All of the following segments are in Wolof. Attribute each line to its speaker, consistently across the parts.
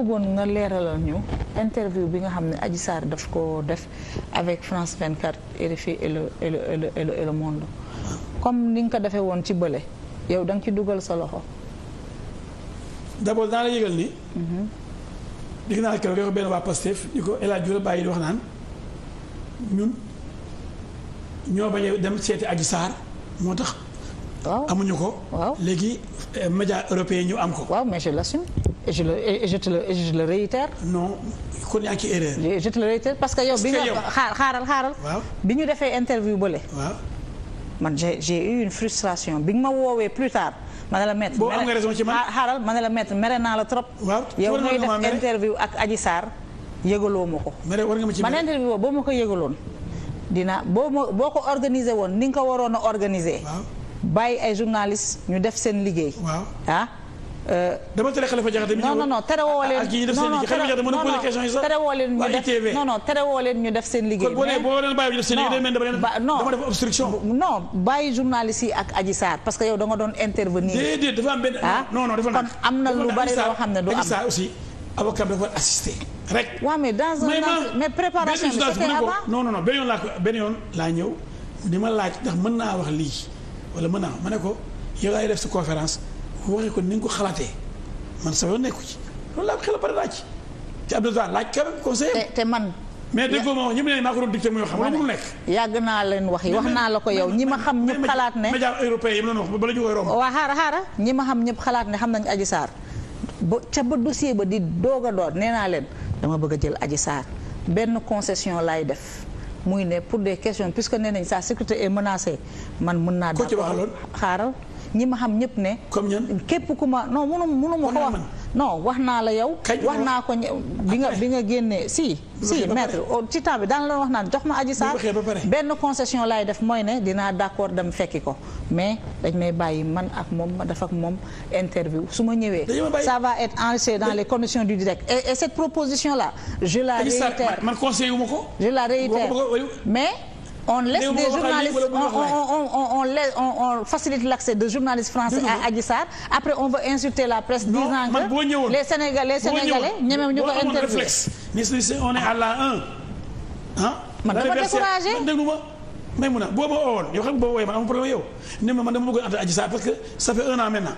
Speaker 1: bëggoon nga leeralal ñu interview bi nga xam ne Adji Sarr daf ko def avec France 24 comme ni nga ko defee woon ci bële yow da nga ci dugal sa loxo.
Speaker 2: d'abord naa la yëgal ni. Mhm. dégg benn waa Pastef ñu bàyyi di wax naan ñun ñoo bañ dem seeti aji Sarr moo tax. waaw amuñu ko. waaw léegi eh, média européen ñu am ko. waaw mais je
Speaker 1: et je le et je te le et je le réitère. parce que yow. bi nga xaar xaaral xaaral. bi ñu defee interview bële. waaw man j'ai j'ai eu une frustration bi nga ma woowee plus tard. ma ne la mettre boo am nga raison ci man xaaral ma ne la mettre mere naa la trop. waaw yow ngay def interview ak Adji Sarr yëgaloo ma ko. mere war nga ma ci man interview boobu boo ma ko yëgaloon. dina boo ma boo ko organiser woon ni nga ko waroon a organiser. bàyyi ay journalistes ñu def seen liggéey. Euh, dama tere Khalifa Diakhaté non non non terewoo leen question yi sax terewoo leen leen ñu def seen liggéey boo leen bàyyi def seen liggéey dama leen dama def obstruction non bàyyi journaliste yi ak Adji parce que yow da nga doon intervenir déedéet dafa am benn ah? non non dafa kon
Speaker 2: am na lu bari loo xam ne du am Adji Sarr aussi avocat bi dafa war assister rek waaw mais dans un mais préparation bi c'était avant non non benn yoon laa ko benn yoon laa ñëw di ma laaj ndax mën naa wax lii wala mën naa ma ne ko yow laay def sa waxee ko ni nga ko xalaatee man sama nekku ci loolu laa xel a pare laaj ci Abdou Zane conseiller te man. ma wax ñëpp ne maa ko doon dicté muy
Speaker 1: yàgg naa leen wax yi wax naa la ko yow ñi ma xam ñëpp xalaat ne. média
Speaker 2: européen yi mu doon
Speaker 1: ñi ma xam ñëpp xalaat ne xam nañu Adji Sarr ba ca ba dossier ba di doog nee naa leen dama bëgg a jël aji saar benn concession laay def muy ne pour des questions puisque nee nañ saa sécurité est menacée man mun naa. ci wax d'accord xaaral ñi ma xam ñëpp ne. comme képp ku ma non munu munu ma ko wax. non wax naa la yow. wax naa ko bi nga bi nga génne si. si maître oh, ci temps bi daan la wax naan jox ma aji saar benn concession laay def mooy ne dinaa d'accord dem fekki ko mais dañ may bàyyi man ak moom ma def ak moom interview su ma ñëwee. ça va être enregistré dans les conditions du direct et, et cette proposition là. je la réitère
Speaker 2: man conseil wu ko.
Speaker 1: je la réitère mais. on laisse des journalistes on facilite l'accès de journalistes français à mm-hmm. Adji après on veut insulter la presse disant que les Sénégalais les Sénégalais ñemew ñu ko interview
Speaker 2: on est à la 1 ah man dama découragé déglu ma may mun a boo ma woowoon problème yow ne ma man a ànd Adji Sarr parce que ça fait un an maintenant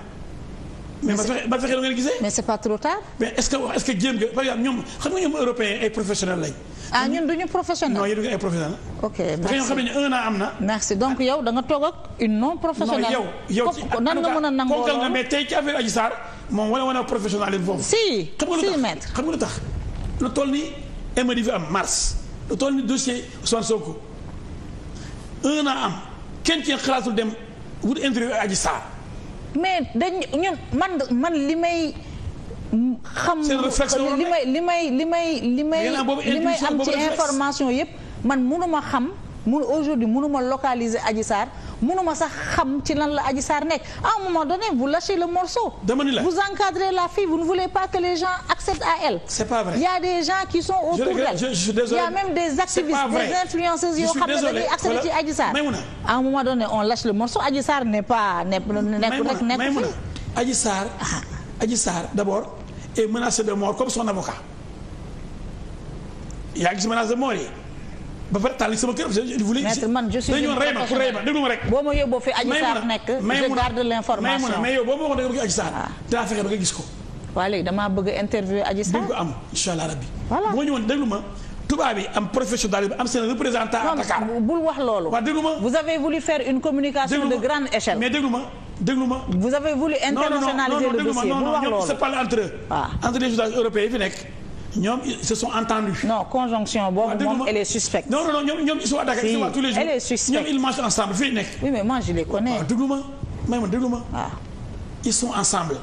Speaker 2: mais ba fexe ba fexe ngeen gisee. mais c'est pas trop tard. mais est-ce que est jéem nga par exemple ñoom xam nga ñoom européens ay professionnels lañ.
Speaker 1: ah ñun du ay professionnel. ok merci ñoo xam an nga toog ak une non professionnelle. non yow yow
Speaker 2: ci nan nga mën a nangoo loolu nga mais tey ci affaire Adji Sarr moom wane wane professionnalisme foofu. si si maître xam nga lu tax lu toll ni émery fi am mars lu toll ni dossier Ousmane Sonko un an am kenn ci xalaatul dem wut interview Adji
Speaker 1: mais dañ ñun man man li may. xam li may li may li may li may li may am ci information yëpp man ma xam mënu aujourd'hui mënuma localiser Adji Sarr ma sax xam ci lan la nekk à un moment donné vous lâchez le morceau. vous encadrez la fille vous ne voulez pas que les gens acceptent à elle. il y a des gens qui sont autour d'elle. je suis désolé il y a même des activistes des influenceuses yoo xam ne dañuy accéder ci Adji Sarr. à un moment donné on lâche le morceau Adji n'est pas nekk nekk nekk fii.
Speaker 2: Adji Sarr ah. Adji Sarr d'abord est menacée de mort comme son avocat yaa gis menace de mort yi. ba pare taal sama kër je voulais. maître man je suis dañu rey ma pour rey ma déglu ma
Speaker 1: rek. boo ma yóbboo fi Adji Sarr nekk. je garde l'information mais
Speaker 2: yow boo ma waxoon da nga bëgg Adji Sarr. Ah. dinaa fexe ba nga gis ko.
Speaker 1: waaw léegi damaa bëgg a interviewer Adji Sarr. dañ ko am
Speaker 2: incha allah rabbi. voilà boo ñëwoon déglu ma. tubaab bi am professionnel bi am seen représentant à Dakar. bul wax loolu. waaw déglu ma vous avez voulu faire une communication de grande échelle. mais déglu ma déglu ma. vous avez voulu internationaliser le dossier bul wax loolu non non non ñoom c'est pas entre eux. Ah. entre les juges européens yi fi nekk ñoom ils se sont entendus. non conjonction boobu moom elle est suspecte. non non non ñoom ñoom ils sont à Dakar ils se voient tous les jours. elle est suspecte ñoom ils mangent ensemble fii nekk. oui mais moi je les connais. waaw déglu ma may ma déglu ma. waaw ah. ils sont ensemble.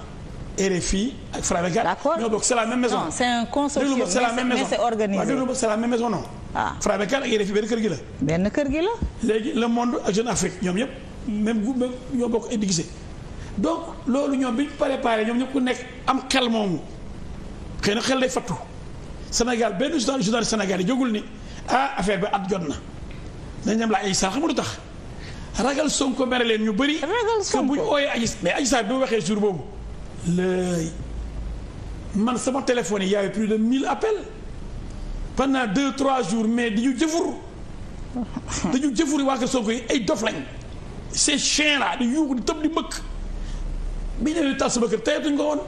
Speaker 2: RFI ak Fra Bégal. d'accord ñoo bokk c'est la même maison. non c'est un consortium mais c'est la même maison waaw déglu ma c'est la même maison non. ah Fra Bégal ak RFI benn kër gi la. benn kër gi la. léegi le monde ak Jeune Afrique ñoom ñëpp même gu même ñoo bokk édigisé donc loolu ñoom bi ñu préparé ñoom ñëpp ku nekk am xel moomu xëy na xel day fattu Sénégal benn journaliste Sénégal yi jógul ni ah affaire bi at jot na dañ dem la Adji Sarr xam nga tax ragal Sonko mere leen ñu bëri. bu ñu ooyee Adji mais Adji Sarr waxee jour boobu. sama téléphone yi y avait plus de 1000 appels pendant 2 trois jours mais di ñu jëfur. dañu jëfuri waa kër Sonko yi ay dof lañ ces chiens là di yuuxu di tëb di mbëkk bi ñëwee tas sama kër tayatuñ ko woon.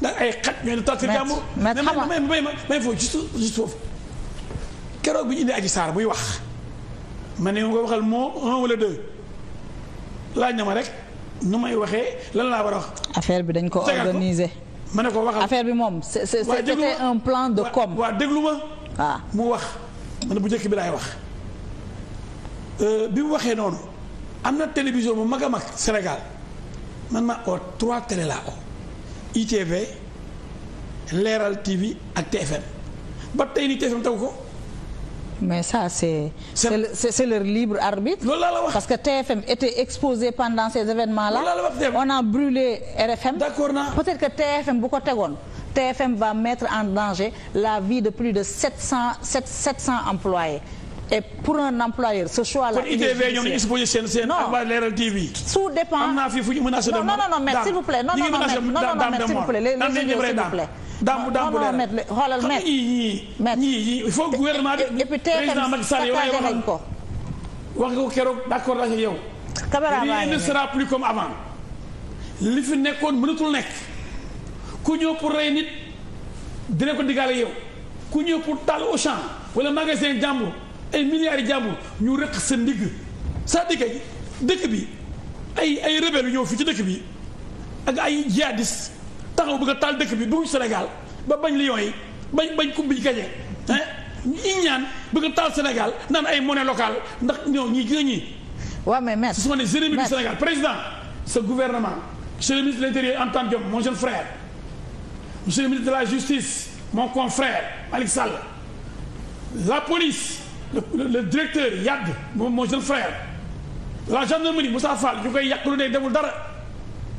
Speaker 2: ndax ay xaj ñooy la toog kër jàmbur may may may foofu juste juste foofu keroog bi ñu indi aji saar buy wax ma ne ma ko waxal moo un wala deux laaj na ma rek nu may waxee lan laa war a wax
Speaker 1: affaire bi dañ ko organiser
Speaker 2: ma ne ko waxal affaire bi moom c'était un plan de com waaw déglu ma waaw ah. mu wax ma ne bu njëkk bi laay wax euh, bi mu waxee noonu am na télévision bu mag a mag Sénégal man ma oo trois télé laa oo ITV Leral TV ak TFM ba tey ni TFM taw ko.
Speaker 1: mais ça c'est c'est le, c'est leur libre arbitre. loolu laa la wax parce que TFM était exposé pendant ces événements là. on a brûlé RFM. d'accord naa peut-être que TFM bu ko tegoon. TFM va mettre en danger la vie de plus de sept cent sept cent employés. et pour un employeur ce choix là. il est difficile kon ITV ñoom ñu exposé
Speaker 2: seen seen. ak waa Leral TV.
Speaker 1: tout dépend am naa fi fu ñu mën a. non non non mais s'il vous plaît non non non mais s'il vous plaît les les s'il vous plaît.
Speaker 2: daamu daamu leeral non non mais xoolal maître yii yii il faut gouvernement bi président Macky Sall yow yaa waxoon wax nga ko keroog d'accord naa yow. caméra baa ne sera plus comme avant. li fi nekkoon mënatul nekk ku ñëw pour rey nit dina ko diggaale yow ku ñëw pour taal au champ wala magasin jàmbur. ay milliards yi jàmbur ñu rëq sa ndigg saa dëkk ay dëkk bi ay ay rebelle yu ñëw fii ci dëkk bi ak ay jihadistes taxaw bëgg a taal dëkk bi dugg Sénégal ba bañ Lions yi bañ bañ coupe bi ñu gañe ah ñu ñaan bëgg a taal Sénégal naan ay monnaie locale ndax ñoo ñii gis nga ñii. waaw mais maître su ma nee jérémy Sénégal président sa gouvernement. monsieur le ministre de l'intérieur Antoine Diome mon jeune frère monsieur le ministre de la justice mon confrère Malick Sall la police. le le directeur yàgg moom moo jeune frère la gendarmerie Moussa Fall ñu koy yàq lu ne demul dara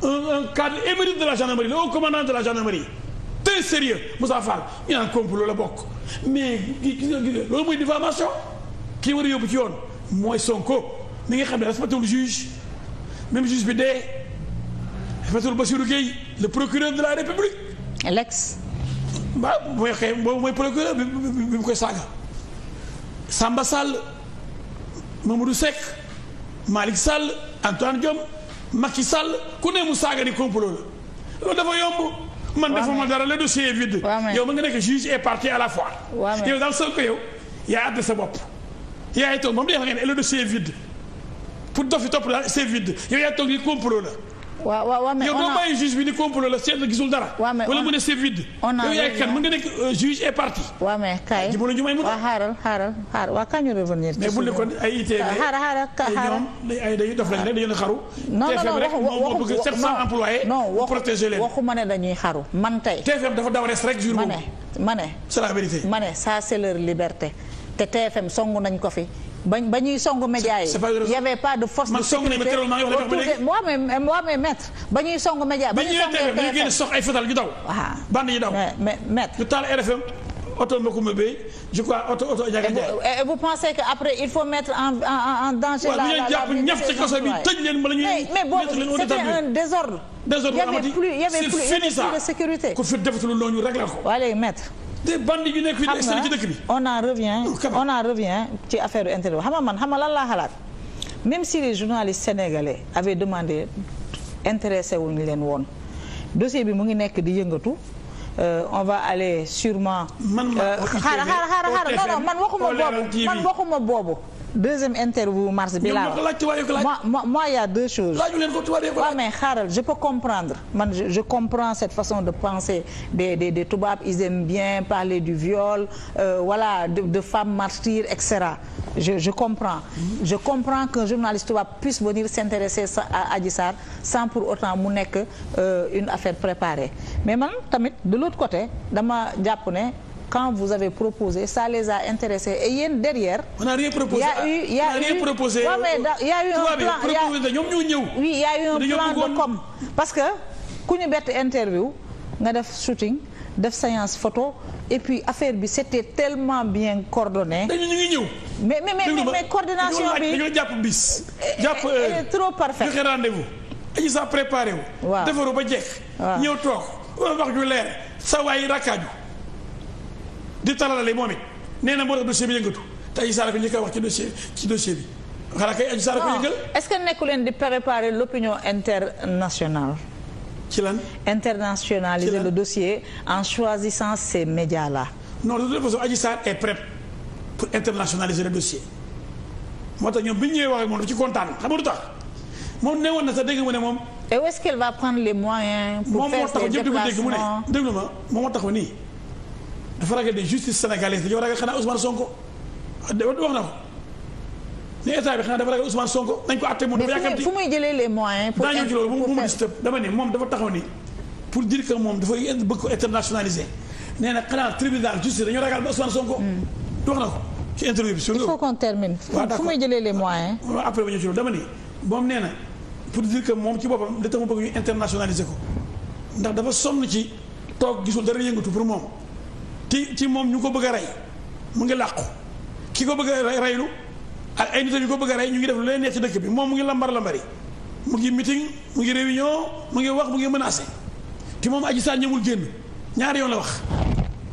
Speaker 2: un un cadre émérite de la gendarmerie le haut commandant de la gendarmerie très sérieux Moussa Fall ñu naan complot la bokk mais gis nga gis nga loolu mooy diffamation kii war a yóbbu ci yoon mooy Sonko mi nga xam ne respecté wul juge même juge bi dee respecté wul Bassirou Gueye le procureur de la République. Lex. waaw mooy xëy mooy procureur bi bi bi mu koy saaga. Samba Sall du Seck Malick Sall Antoine Diom Macky Sall ku ne mu saaga ni complot la loolu dafa yomb. man dafa ma dara le dossier est vide. yow ma nga nekk juge et partie à la fois. yow daal soo yow yaa àtte sa bopp. yaa ngi toog moom day wax nga ne le dossier est vide pour dof yi topp daal c'est vide yow yaa toog ni complot la. waaw waaw mais yow doo bàyyi juge bi ni complot la seet la gisul dara. waa mais wala mu ne c'est vide. on a yow yaay kan mën nga nekk euh, juge et partie.
Speaker 1: mais kay jublu a. waaw xaaral xaaral xaaral waaw kañu
Speaker 2: revenir. mais bu e ne kon ay ITV. xaaral xaaral xaaral ay dañuy rek dañu
Speaker 1: ma ne dañuy xaru
Speaker 2: man tey. TFM dafa daw res rek jour boobu. ma ne ma ne. c'est la
Speaker 1: ma ne ça c'est leur liberté te TFM songu nañ ko fi. bañ ba ñuy songu média yi y avait pas de force de sécurité waaw mais waaw mais maître ba ñuy songu média ba ñuy songu dañu génn sox
Speaker 2: ay fetal ñu daw waaw band yi daw mais maître ñu taal RFM auto Macoumba Beye je crois auto auto Ndiaga Ndiaye et vous pensez que
Speaker 1: après il faut mettre en en en danger la la la bi mais boobu c'était un désordre
Speaker 2: désordre y avait plus y avait plus de sécurité ku fi defatul noonu ñu
Speaker 1: réglé ko waaw léegi maître des bandits yu nekk fii extérieur ci dëkk bi. on en revient oh, on en revient ci affaire intérieur xam nga man xam nga lan laa xalaat même si les journalistes sénégalais avaient demandé intéressé wu ñu leen woon dossier bi mu ngi nekk di yëngatu. Euh, on va aller sûrement. man euh, xaaral xaaral non non man waxuma boobu man waxuma boobu. deuxième interview mars bi laa moi moi il y a deux choses waaw mais xaaral je peux comprendre man je, je comprends cette façon de penser des des des tubaab ils aiment bien parler du viol euh, voilà de, de femmes martyres et cetera je je comprends mm-hmm. je comprends qu'un journaliste tubaab puisse venir s'intéresser à Adji Sarr sans pour autant mu nekk euh, une affaire préparée mais man tamit de l'autre côté dama jàpp ne quand vous avez proposé ça les a intéressés et yéen derrière. on n'a rien proposé y' a eu y' a eu non mais da y' a
Speaker 2: eu plan de com
Speaker 1: parce que ku ñu bett interview nga def shooting def séance photo et puis affaire bi c'était tellement bien coordonné. dañu ñu ngi ñëw. mais mais mais mais coordination bi dañoo
Speaker 2: jàpp bis. Eh, eh, jàpp euh, trop parfait joxe rendez-vous. dañu saa préparé wu. waaw defaru ba jeex. ñëw toog wax ju leer sa waay rakkaaju. di talalale moom it nee na moo tax bi yëngatu te Adji Sarr fi ñu koy wax ci dossier ci dossier bi xanaa kay Adji Sarr ko yëngal.
Speaker 1: est-ce que nekku leen di préparer l'opinion internationale. ci lan internationaliser le dossier en choisissant ces médias là.
Speaker 2: non de toute façon Adji Sarr est prête pour internationaliser le dossier moo tax ñoom bi ñu ñëwee wax ak moom ci kontaan xam nga lu tax moom ne na sax dégg mu ne moom.
Speaker 1: et où va prendre les moyens. pour faire ses déplacements
Speaker 2: moom moo nii. dafa ragal ne justice sénégalaise dañoo ragal xanaa Ousmane Sonko ah, wax na ko ne état bi xanaa dafa ragal Ousmane Sonko nañ ko àtte moom dafa yàkkamti taxaw ni pour dire que moom dafa bëgg ko nee na xanaa tribunal justice dañoo ragal ba Ousmane Sonko hmm. wax na ko ci interview bi. il faut qu'on
Speaker 1: termine. waaw d'accord fu muy jëlee les moyens. Ah,
Speaker 2: après ba ñu ci moom ci boppam li tax mu bëgg ñu ko ndax dafa sonn ci toog gisul dara yëngatu pour moom ci ci moom ñu ko bëgg a rey mu ngi làqu ki ko bëgg a reylu ak ay nit ñu ko bëgg rey ñu ngi def lu leen neex dëkk bi moom mu ngi lambar lambari mu ngi meeting mu ngi réunion mu ngi wax mu ngi menacé te moom Adji Sarr ñëwul génn ñaari yoon la wax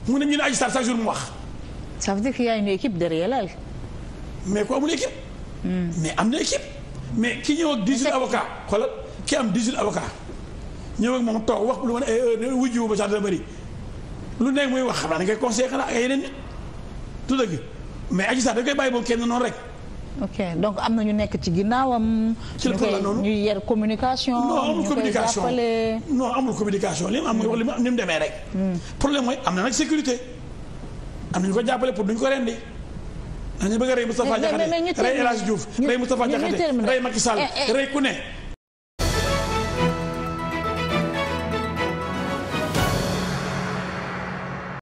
Speaker 2: mu ne ñu ne Adji Sarr chaque jour mu wax.
Speaker 1: ça veut dire qu'il y a une
Speaker 2: mais ku hmm. mais am na équipe. mais ki ñëw ak 18 avocats xoolal ki am 18 avocats ñëw ak moom toog wax lu ma ne wujju ba gendarmerie lu nekk muy wax xam naa da ngay conseillé xanaa ak yeneen nit tout dëgg mais Adji Sarr da koy bàyyi boobu kenn noonu rek.
Speaker 1: ok donc am na ñu nekk ci ginnaawam. ci la noonu ñu yer communication. ñu koy jàppale
Speaker 2: non amul communication li mu am li mu demee rek. Hmm. problème mooy am na nag sécurité am na ñu ko jàppale pour duñ ko rendi dañu bëgg a rey Moustapha Diakhaté rey El Hadj eh, eh. rey ku ne.